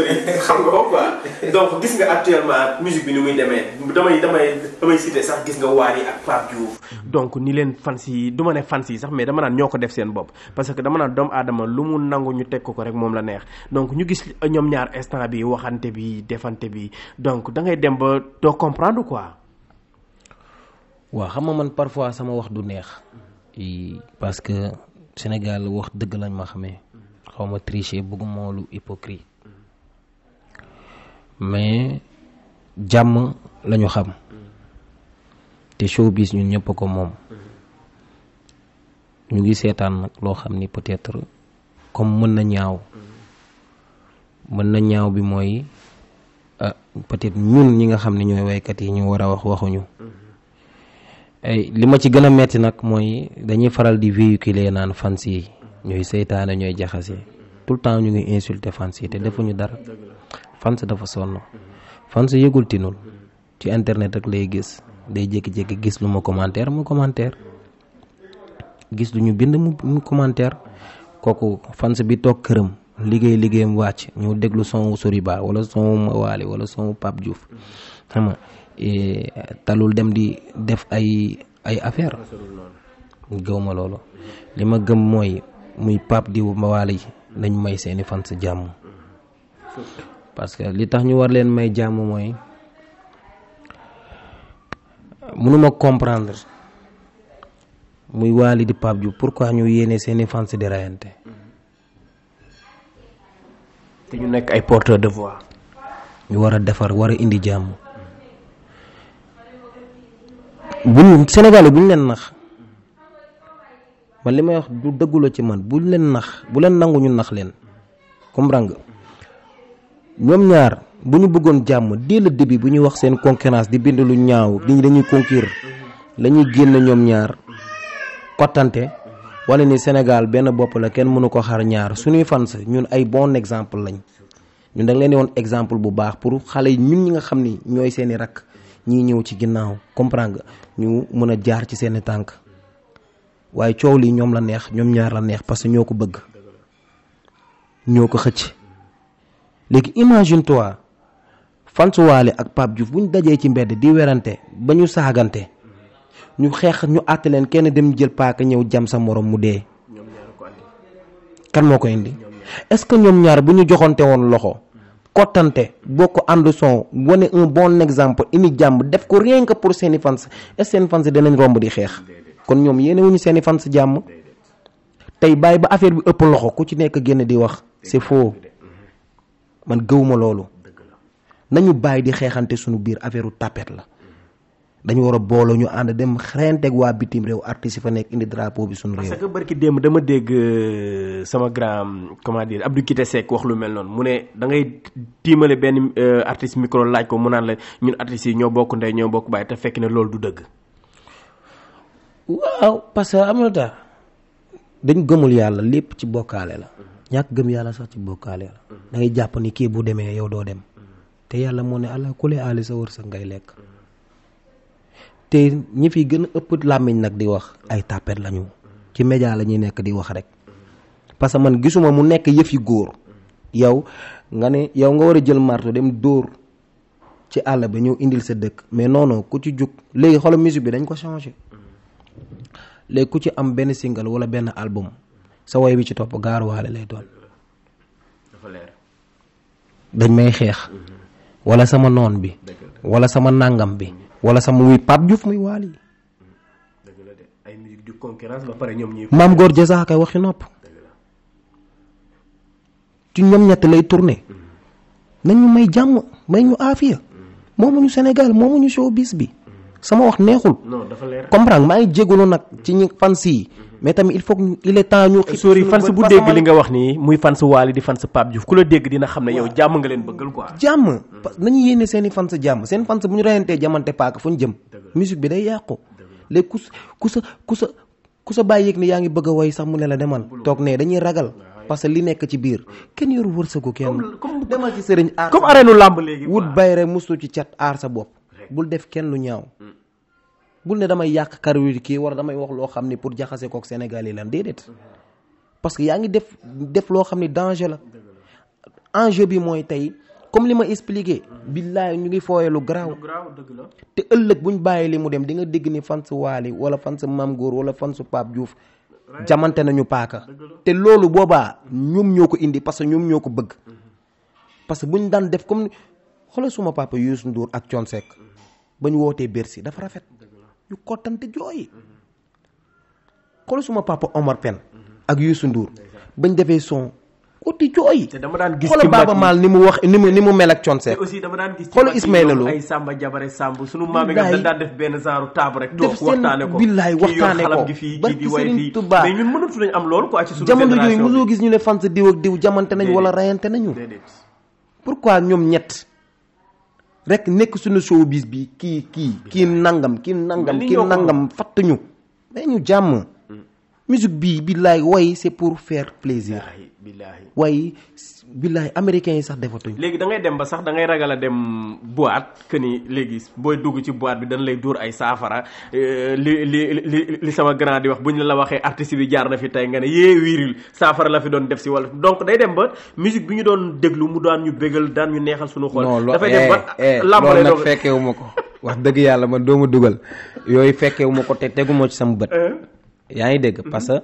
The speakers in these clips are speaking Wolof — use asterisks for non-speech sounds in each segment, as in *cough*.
*laughs* donc gis nga actuellement musique bi ni muy demee damay damay damay sax gis nga Wally ak Pape Diouf. donc ni leen fans yi du ma ne fans yi sax mais dama naan ñoo ko def seen bopp parce que dama naan doomu aadama lu mu nangu ñu teg ko rek moom la neex donc ñu gis ñoom ñaar instant bi waxante bi defante bi donc dangay dem ba doo comprendre quoi. waa xam ma man parfois sama wax du neex. parce que Sénégal wax dëgg lañ ma xamee. xaw ma tricher bëgguma lu hypocrite mais jàmm lañu xam te showbiz ñun ñëpp ko moom ñu ngi seetaan nag loo xam ni peut-être comme mën na ñaaw mën na ñaaw bi mooy ah, peut-être ñun ñi nga xam ne ñooy waykat yi ñu war a wax waxuñu li ma ci gën a metti nag mooy dañuy faral di véhiculer naan fans yi ñooy seytaane ñooy jaxase tout le temps ñu ngi insulte fans te defuñu dara fans dafa sonn fans yegul tinul ci internet ak lay gis day jek jek gis luma commentaire mu commentaire gis duñu bind mu commentaire kooku fans bi tok kërëm liggey liggeyam wacc ñu déglu son wu Soriba wala son wali wala son pap Diouf e, talul dem di def ay ay affaire gëwma lolo lima gëm moy muy di Diouf Waly nañ may seeni fans jamm parce que li tax ñu war leen may jàmm mooy mënuma comprendre muy waali di Pape Diouf pourquoi ñu yéene seeni fans di rayanté té ñu nek ay porteur de voix ñu wara défar wara war a indi jàmm buñ Sénégal buñ leen nax man limay wax du deggulo ci man buñ leen nax bu leen nangu ñu nax leen comprendre ñom ñaar buñu bëggoon jamm dès le début buñu wax seen concurrence di bind lu ñaaw di ñi dañuy conquérir lañuy génn ñom ñaar kottante wala ni Sénégal benn bopp la kenn mënu ko xar ñaar suñu fans ñun ay bon exemple lañ ñun dañ leen di woon exemple bu baax pour xalé ñun ñi nga xamni ñoy seen i rakk ci ginnaw comprendre nga ñu mëna jaar ci seen tank waye ciow li ñom la neex ñom ñaar la neex parce que bëgg ñoko xëc léegi imagine toi Fans ak Pape Diouf bu ñu dajee ci mbedd di werante ba ñu saagante ñu xeex ñu àtte leen kenn dem jël paaka ñëw jam sa moroom mu dee. kan moo ko indi est-ce que ñoom ñaar bu ñu joxante woon loxo kottante boo ko ànd son wane un bon exemple ini jàmm def ko rien que pour seeni fans est seen fans danañ romb di xeex kon ñoom yéene wuñu seeni fans jàmm tey bàyyi ba affaire bi ëpp loxo ku ci nekk génn di wax c'est faux. man gëwuma loolu nañu bay di xéxanté suñu biir affaireu tapet la dañu wara bolo ñu and dem ak wa bitim rew artiste fa nek indi drapeau bi suñu rew parce que barki dem dama dégg euh, sama grand comment dire abdou kité sek wax lu mel non mune da ngay timalé ben euh, artiste micro laaj ko mu nan la ñun artiste yi ñoo bokk ndey ñoo bokk bàyyi fekk né loolu du dëgg waaw parce que amna ta dañ gëmul yalla lepp ci bokalé la mm-hmm. ñàkk gëm yàlla sax ci bokkaale la mm-hmm. da ngay jàpp ni kii bu demee yow doo dem mm-hmm. te yàlla moo ne allah ku lee sa wër wërsëg ngay lekk te ñi fi gën a ëpp làmmiñ nag di wax ay tàppet lañu ci média la ñuy nekk di wax rek mm-hmm. parce que man gisuma mu nekk yëf yi góor yow nga ne yow nga war a jël marto dem dóor ci àll bi ñëw indil sa dëkk mais non ku ci jug léegi xoolal musique bi dañ ko changé léegi ku ci am benn single wala benn album sa woy bi ci topp gaaruwaale lay doon dañ may xeex mm-hmm. wala sama noon bi wala sama nàngam bi mm-hmm. wala sama muy Pape Diouf muy waal yi mm-hmm. maam góor jësaa kay waxi nopp ci ñoom ñett lay tourné nañu may jàmm may ñu aafiya moomuñu Sénégal moomuñu showbiz bi sama wax neexul comprendre maa ngi jégalu nak ci ñi fans yi mhm. mais tamit il faut il est temps ñu sori fans bu dégg li nga wax ni muy fans wali di fans pap Diouf ku la dégg dina xamné yow jamm nga leen bëggal quoi jamm mm. nañu yéene seeni fans jamm seen fans bu ñu reyantee jamante paaka jëm musique bi day yaqku léegi kous ku sa ku sa ku ni yaangi bëgg way sax mu ne la demal tok ne dañuy ragal parce li nek ci biir mm. kenn yoru wërsëgu kenn demal ci serigne ar comme arenu lamb wut bayre musu ci chat ar sa bop bul def kenn lu ñaaw. bul ne damay yàq carrière kii war damay wax loo xam ne pour jaxase kook Sénégal yi lan déedéet. parce que yaa ngi def def loo xam ne danger la. enjeu bi mooy tey comme li ma expliqué. billaay ñu ngi fooyee lu garaaw. dëgg la te ëllëg buñ bàyyi li mu dem di nga dégg ni fan su Waly wala fan su Mame Goor wala fan su Pape Diouf. jamante nañu paaka. te loolu boobaa ñoom ñoo ko indi parce que ñoom ñoo ko bëgg. Mm-hmm. parce buñ daan def comme xoolal suma papa Youssou bañ wootee Bercy dafa rafet ñu kottante joy xool suma papa Omar Pen ak Youssou Ndour bañ defee son uti joy te dama dan gis ci baba mal ni mu wax ni mu ni mu mel ak tion seet aussi dama daan gis xolu ismaïla lu ay samba jabaré sambu sunu mamé nga da def ben zaaru tab rek tok waxtane ko billahi waxtane ko ba ci serigne touba mais ñun mënatu nañ am lool ko ci suñu jamono joy mëso gis ñu né fans diw ak diw jamanté nañ wala rayanté nañu pourquoi ñom ñet rek nekk suñu bis bi kii kii kii nangam kii nangam kii nangam fatt ñu mais ñu jàmm musique bi billahi way c'est pour faire plaisir billahi way billahi américain sax defatuñ légui da ngay dem ba sax da ngay ragala dem boîte que ni légui boy dugg ci boîte bi dañ lay door ay safara euh, li li li sama grand di wax buñ la waxé artiste bi jaar na fi tay nga né yé wiril safara la fi doon def ci wala donc day dem ba musique bi ñu doon déglu mu daan ñu bégal daan ñu neexal suñu xol da fay dem ba eh, eh, lambale do fekké wumako wax deug yalla man do duggal yoy fekké wumako té téguma ci sama bëtt euh? yaa ngi dégg mm-hmm. parce que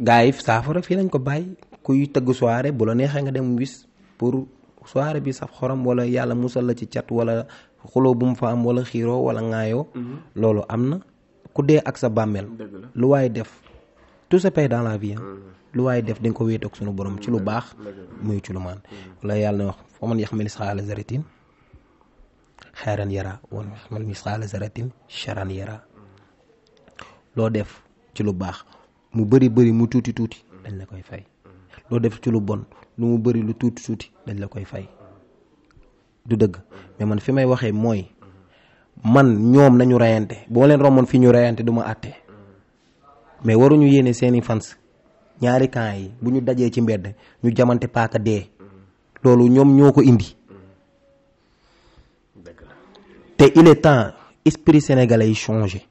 gars yi rek fii lañ ko bàyyi kuy tëgg soirée bu la neexee nga dem wis pour soirée bi saf xorom wala yàlla musal la ci cat wala xuloo bu mu fa am wala xiiroo wala ŋaayoo mm-hmm. loolu amna, na ku dee ak sa bàmmeel lu waaye def tout se paye dans la vie mm-hmm. lu waaye def di nga ko ak borom ci lu baax muy ci lu maan wala yàlla na wax fa man yax melis xaala zaratin xeeran yara woon xamal mis xaala zaratin sharan yara loo def ci lu baax mu bëri bëri mu tuuti tuuti mm. dañ la koy fay loo def ci lu bon lu mu bëri lu tuuti tuuti dañ la koy fay du dëgg mais man fi may waxee mooy man ñoom nañu rayante boo leen romboon fi ñu reyante duma ma àtte mais waruñu yéene seeni fans ñaari camp yi bu ñu dajee ci mbedd ñu jamante paaka dee loolu ñoom ñoo ko indi mm. te il temps esprit sénégalais yi changé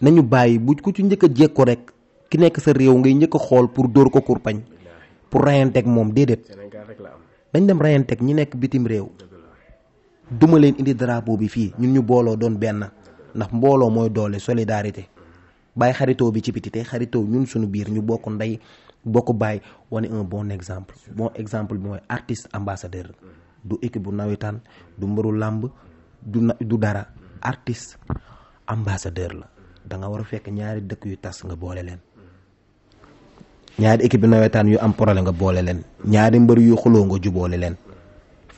nañu bàyyi bu ku ci njëkk a jekko rek ki nekk sa réew ngay njëkk a xool pour dóor ko kurpañ pour rayanteek moom déedéet dañ dem rayanteeg ñi nekk bitim réew duma leen indi drapeau bi fii ñun ñu booloo doon benn ndax mbooloo mooy doole solidarité bàyyi xaritoo bi ci biti tey xaritoo ñun suñu biir ñu bokk ndey bokk bàyyi wane un bon exemple bon exemple bi mooy artiste ambassadeur du équipe bu nawetaan du mbëru làmb du du dara artiste ambassadeur la da nga war fekk ñaari dëkk yu tas nga boole leen ñaari équipe nawetaan yu am problème nga boole leen ñaari mbër yu xuloo nga juboole leen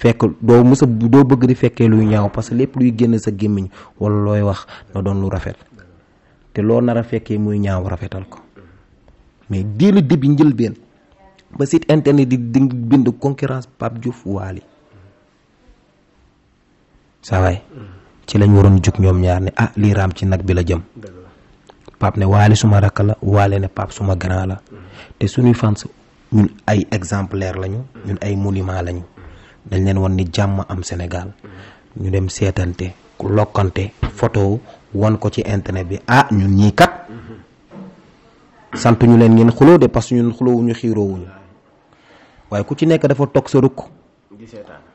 fekk doo musa doo bëgg di fekkee luy ñaaw parce que lépp luy génn sa gémmiñ wala looy wax na doon lu rafet te loo nar a fekkee muy ñaaw rafetal ko mais dès le début njëlbeen ba site internet di bind concurrence pap Diouf Wali sa ci lañ waroon jug ñoom ñaar ne ah li ram ci nag bi la jëm pap ne wali suma rak la ne pap suma grand la te suñu fans ñun ay exemplaire lañu ñun ay monument lañu dañ leen won ni jamm am sénégal ñu dem ku lokanté photo won ko ci internet bi ah ñun ñi kat santu ñu leen ngeen xulo de parce Yun ñun xiro xiiroowuñu waye ku ci nekk dafa tok sa ruk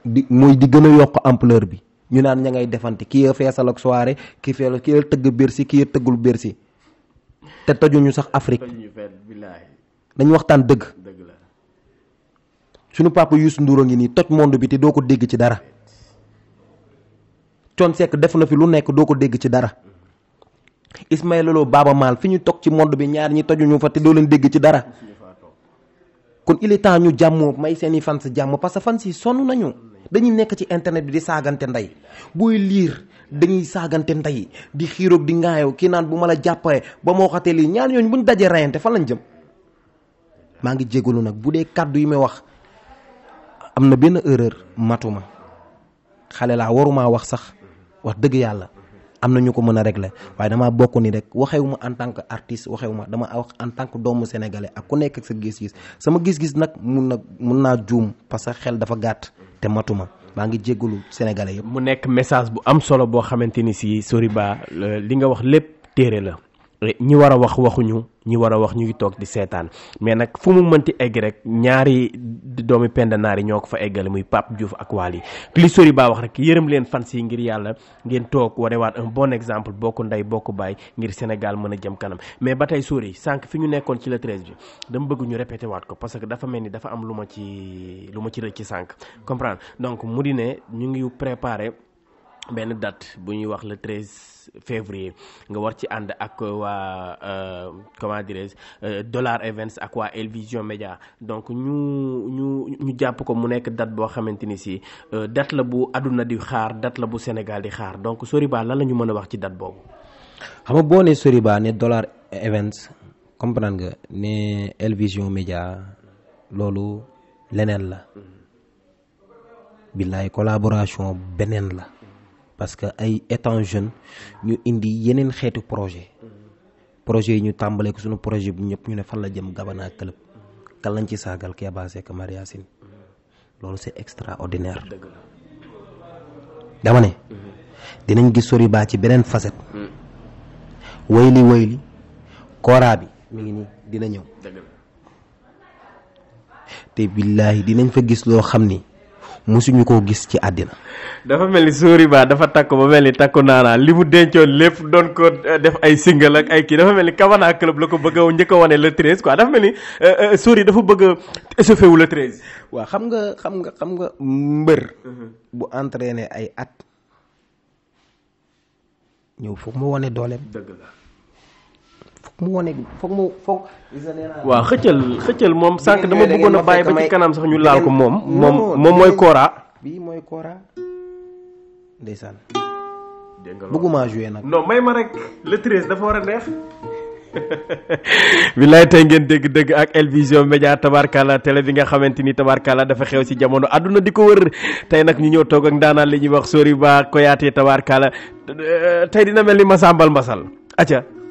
di muy di gëna yok ampleur bi ñu naan ñay defante ki fessal ak soirée kii feesal kii tëgg bersi te ñu sax Afrique dañ waxtaan dëgg suñu papa Youssou nduro ngi ni toj monde bi te doko ko dégg ci dara ton Seck def na fi lu nekk doko dégg ci dara Ismaël lo baba mal fiñu tok ci monde bi ñaar ñi ñu fa te do leen dégg ci dara kon il est temps ñu jamm may seeni fans jamm parce que fans yi sonu nañu dañuy nekk ci internet bi di desa nday boy lire dañuy saagante nday di xiiroog di ngaayo ki nan bu mala jappé ba mo xaté li ñaan ñooñu buñ dajé rayanté fa lañ jëm ma ngi jégalu nak budé kaddu yi may wax amna ben erreur matuma xalé la waruma wax sax wax deug yalla amna ñuko mëna régler waye dama bokku ni rek waxewuma en tant que artiste waxewuma dama wax en tant que doomu sénégalais ak ku nekk ak sa gis-gis sama gis-gis nak mu nak mu na djoum parce que xel dafa gatt te matuma maa ngi jéggalu sénégalais yëpp. mu nekk message bu am solo boo xamante ni si Soriba li nga wax lépp téere la ñi war a wax waxuñu ñi war a wax ñu ngi toog di seetaan mais nag fu mu mënti egg rek ñaari doomi penda naar yi ñoo ko fa eggale muy Pape Diouf ak Waly li sori baa wax rek yërëm leen fans yi ngir yàlla ngeen toog warewaat un bon exemple bokk ndey bokk baay ngir Sénégal mën a jëm kanam mais ba tey sori sànq fi ñu nekkoon ci le treize bi dama bëgg ñu répété waat ko parce que dafa mel ni dafa am lu ma ci lu ma ci rëcc ci sànq comprendre donc mu di ne ñu ngi préparé benn février nga war ci ànd ak waa euh, comment dirais-je euh, Dollar Events ak waa Elvision Média donc ñu ñu ñu jàpp ko mu nekk date boo xamante ni si euh, date la bu àdduna di xaar date la bu Sénégal di xaar donc Soriba lan la ñu mën a wax ci date boobu. xam nga boo nee Soriba ne Dollar Events comprendre nga ne Elvision Média loolu leneen la. Mm-hmm. billaay collaboration beneen la. parce que ay étant jeune ñu indi projet projet ñu ko suñu projet bu ñu la jëm Gabana club ci Maria c'est extraordinaire dama ne mhm. dinañ ci facette mhm. wayli wayli kora bi mi ngi dina dinañ fa mosuñu koo gis ci àddina. dafa mel ni baa dafa takku ba mel ni takku naanaa li mu dencoon lépp doon ko eh, def ay single ak ay kii dafa mel ni Kavana club la ko bëgg a njëkk a wane le treize quoi dafa mel ni Sori eh, eh, dafa bëgg a échauffé wu waa xam nga xam nga xam nga mbër. Mhm. bu entraîné ay at. ñëw foofu mu wane dooleem. dëgg mu wane foog mu foog. waaw xëccal xëccal moom sànq dama bëggoon a bàyyi ba ci kanam sax ñu laal ko moom. moom moom mooy Kora. bii mooy Kora ndeysaan. dégg nga bëgguma joué nag. non may ma rek dafa war a neex. *laughs* bilaay tey ngeen dégg-dégg ak El Vision Média tabarkala télé bi nga xamante ni tabarkala dafa xew si jamono àdduna di ko wër tey nag ñu ñëw toog ak ndaanaan li ñuy wax Soriba Koyaate tabarkala tey dina mel ni Masambal Mbasal acca